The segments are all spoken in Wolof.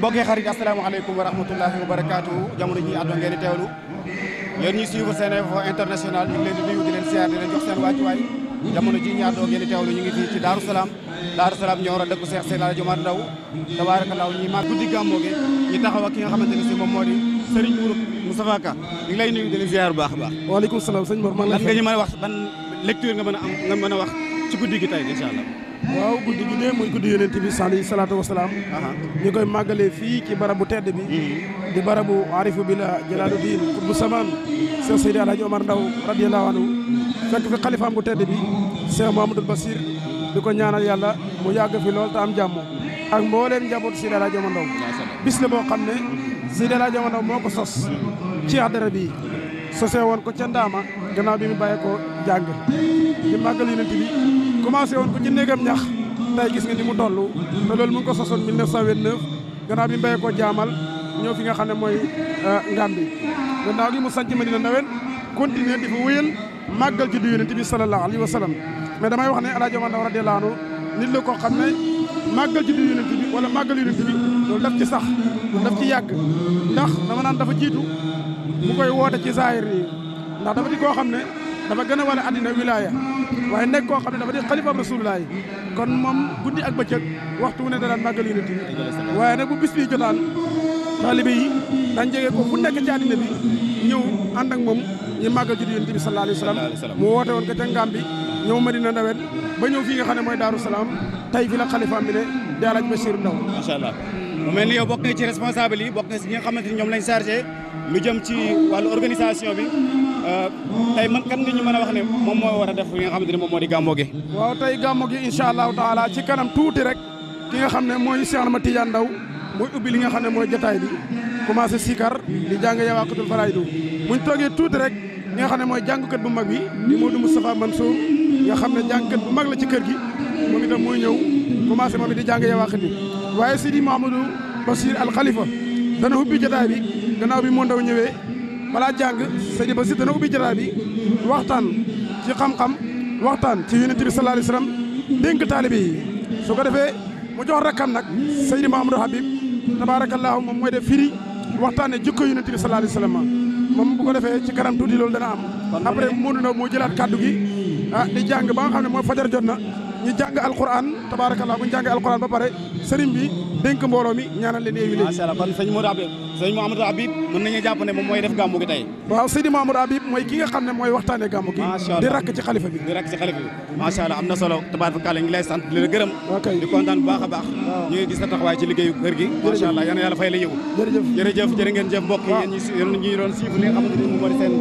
mbokkee xarit asalaamaaleykum wa rahmatullahi wa barakaatu jamono ji àdduna ngeen di teewlu yéen ñuy suivre SeneInfo International ñu ngi leen di nuyu di leen siyaar di leen jox seen wàccuwaay jamono ji ñu àddoo di ci Daaru Salaam Daaru Salaam ñoo war a dëkku Seex Seydi Alaaji ñi mag guddi gàmmoo gi ñu taxaw ki nga xamante ne si moom moo di Serigne Mourou Moustapha Ka ñu ngi lay nuyu di leen ziar bu baax a baax waaleykum salaam sëñ Mor man lan nga ñu mën a wax ban lecture nga mën a nga mën a wax ci guddi gi tey incha allah. waaw guddi gi de muy guddi yonent bi alayhi salaatu wa salaam. ñu koy màggalee fii ci bu tedd bi. Mhm. di barabu arifu bila jalaaluddin bu samaan. Seex Seydi Alaaji Omar Ndaw fi xalifaam bu tedd bi. Seex Muhammadul Basiir di ko ñaanal yàlla mu yàgg fi lool te ak mbooleem njabootu Seydi Alaaji Omar bis la boo xam ne. Seydi moo ko sos. ci àddara sosee ko ca Ndaama ganaaw bi mu bàyyeekoo jàng di màggal yonent bi commencé woon ko ci néegam ñax tey gis nga ni mu toll te loolu mu ngi ko sosoon 1929 gannaaw bi mu bàyyeekoo jaamal ñëw fi nga xam ne mooy eh, Ngambi gannaaw gi mu sanc Madina Ndawen continuer di fa wéyal màggal juddu yonent bi sallallahu alayhi wa sallam mais damay wax ne El Hadj Omar Ndao radiyallahu anhu nit la koo xam ne màggal juddu yonent bi wala màggal yonent daf ci yàgg ndax dama naan dafa jiitu mu koy woote ci saahir yi ndax dafa di koo xam ne dafa gën a wane àddina wilaaya waaye nekk koo xam ne dafa di xalifa rasulullah yi kon moom guddi ak bëccëg waxtu wu ne daan màggal yonent bi waaye nag bu bis bi jotaan taalibe yi dañ jege ko fu nekk ci àddina bi ñëw ànd ak moom ñu màggal juddi yonent bi sallallahu alayhi wa sallam mu woote woon ko ca ngaam bi ñëw Madina Ndawet ba ñëw fii nga xam mooy Daaru Salaam tey fi la xalifaam bi ne di Alaaji Basiir Ndaw macha allah mu mel ni yow bokk nga ci responsable yi bokk nga si ñi nga ni ñoom lañ chargé lu jëm ci wàllu organisation bi euh, tey man kan nga ñu mën a wax ne moom moo war a def li nga xamante ni moom di gàmmo gi. waaw tey gàmmo gi incha allahu nga xam ne mooy Cheikh Ahmed Tidiane Ndaw mooy ubbi li nga xam ne mooy jotaay bi commencé sikar di jàng yawaqatul faraydu buñ toogee tuuti rek li nga xam ne mooy jàngkat bu mag bi di Modou Moustapha Mansour nga xam ne jàngkat bu mag la ci kër gi moom itam mooy ñëw commencé moom it di jàng yawaqat waaye Sidi Mamadou Bachir Al Khalifa dana ubbi jotaay bi ganaaw bi moo ndaw ñëwee balaa jàng Sidi Bachir dana ubbi jotaay bi waxtaan ci xam-xam waxtaan ci yonent bi sallallahu alayhi wasallam dénk taalibe yi su ko defee mu jox rakkam nag Seydi Mamadou Habib tabaarakallaahu moom mooy def firi waxtaane jikko yonent bi sallallahu alayhi wasallam moom bu ko defee ci kanam tuuti loolu dana am après Modou Ndaw moo jëlaat kaddu gi ah di jàng ba nga ne mooy fajar jot na ñu jàng alquran tabaarakallaa bu ñu jàngee ba pare sëriñ bi dénk mbooloo ñaanal leen yeewi léegi macha allah kon sëñ Modou Habib sëñ nañu jàpp ne moom mooy def gàmmu gi tey waaw sëñ Mouhamadou Habib mooy ki nga xam ne mooy waxtaanee gàmmu gi di rakk ci xalifa bi di ñu ngi a baax ñu gis sa taxawaay ci liggéeyu kër gi macha allah yal na yàlla fay la yiw jërëjëf jërë ngeen jëf mbokk yi yéen ñi doon suivre li nga xamante ni moom mooy seen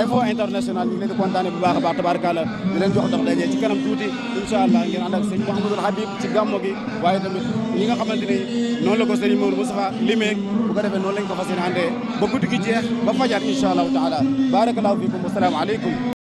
info international ñu ngi leen di bu baax a baax tabaarakallaa ngeen ànd ak sëñ Mouhamadou Habib ci gàmmo gi waaye tamit ñi nga xamante ni noonu la ko sëriñ Maodo Moustapha limeeg bu ko defee noonu lañ ko fas yéene àndee ba guddi gi jeex ba fajaat incha allahu taala barakallahu fikum wasalaamaaleykum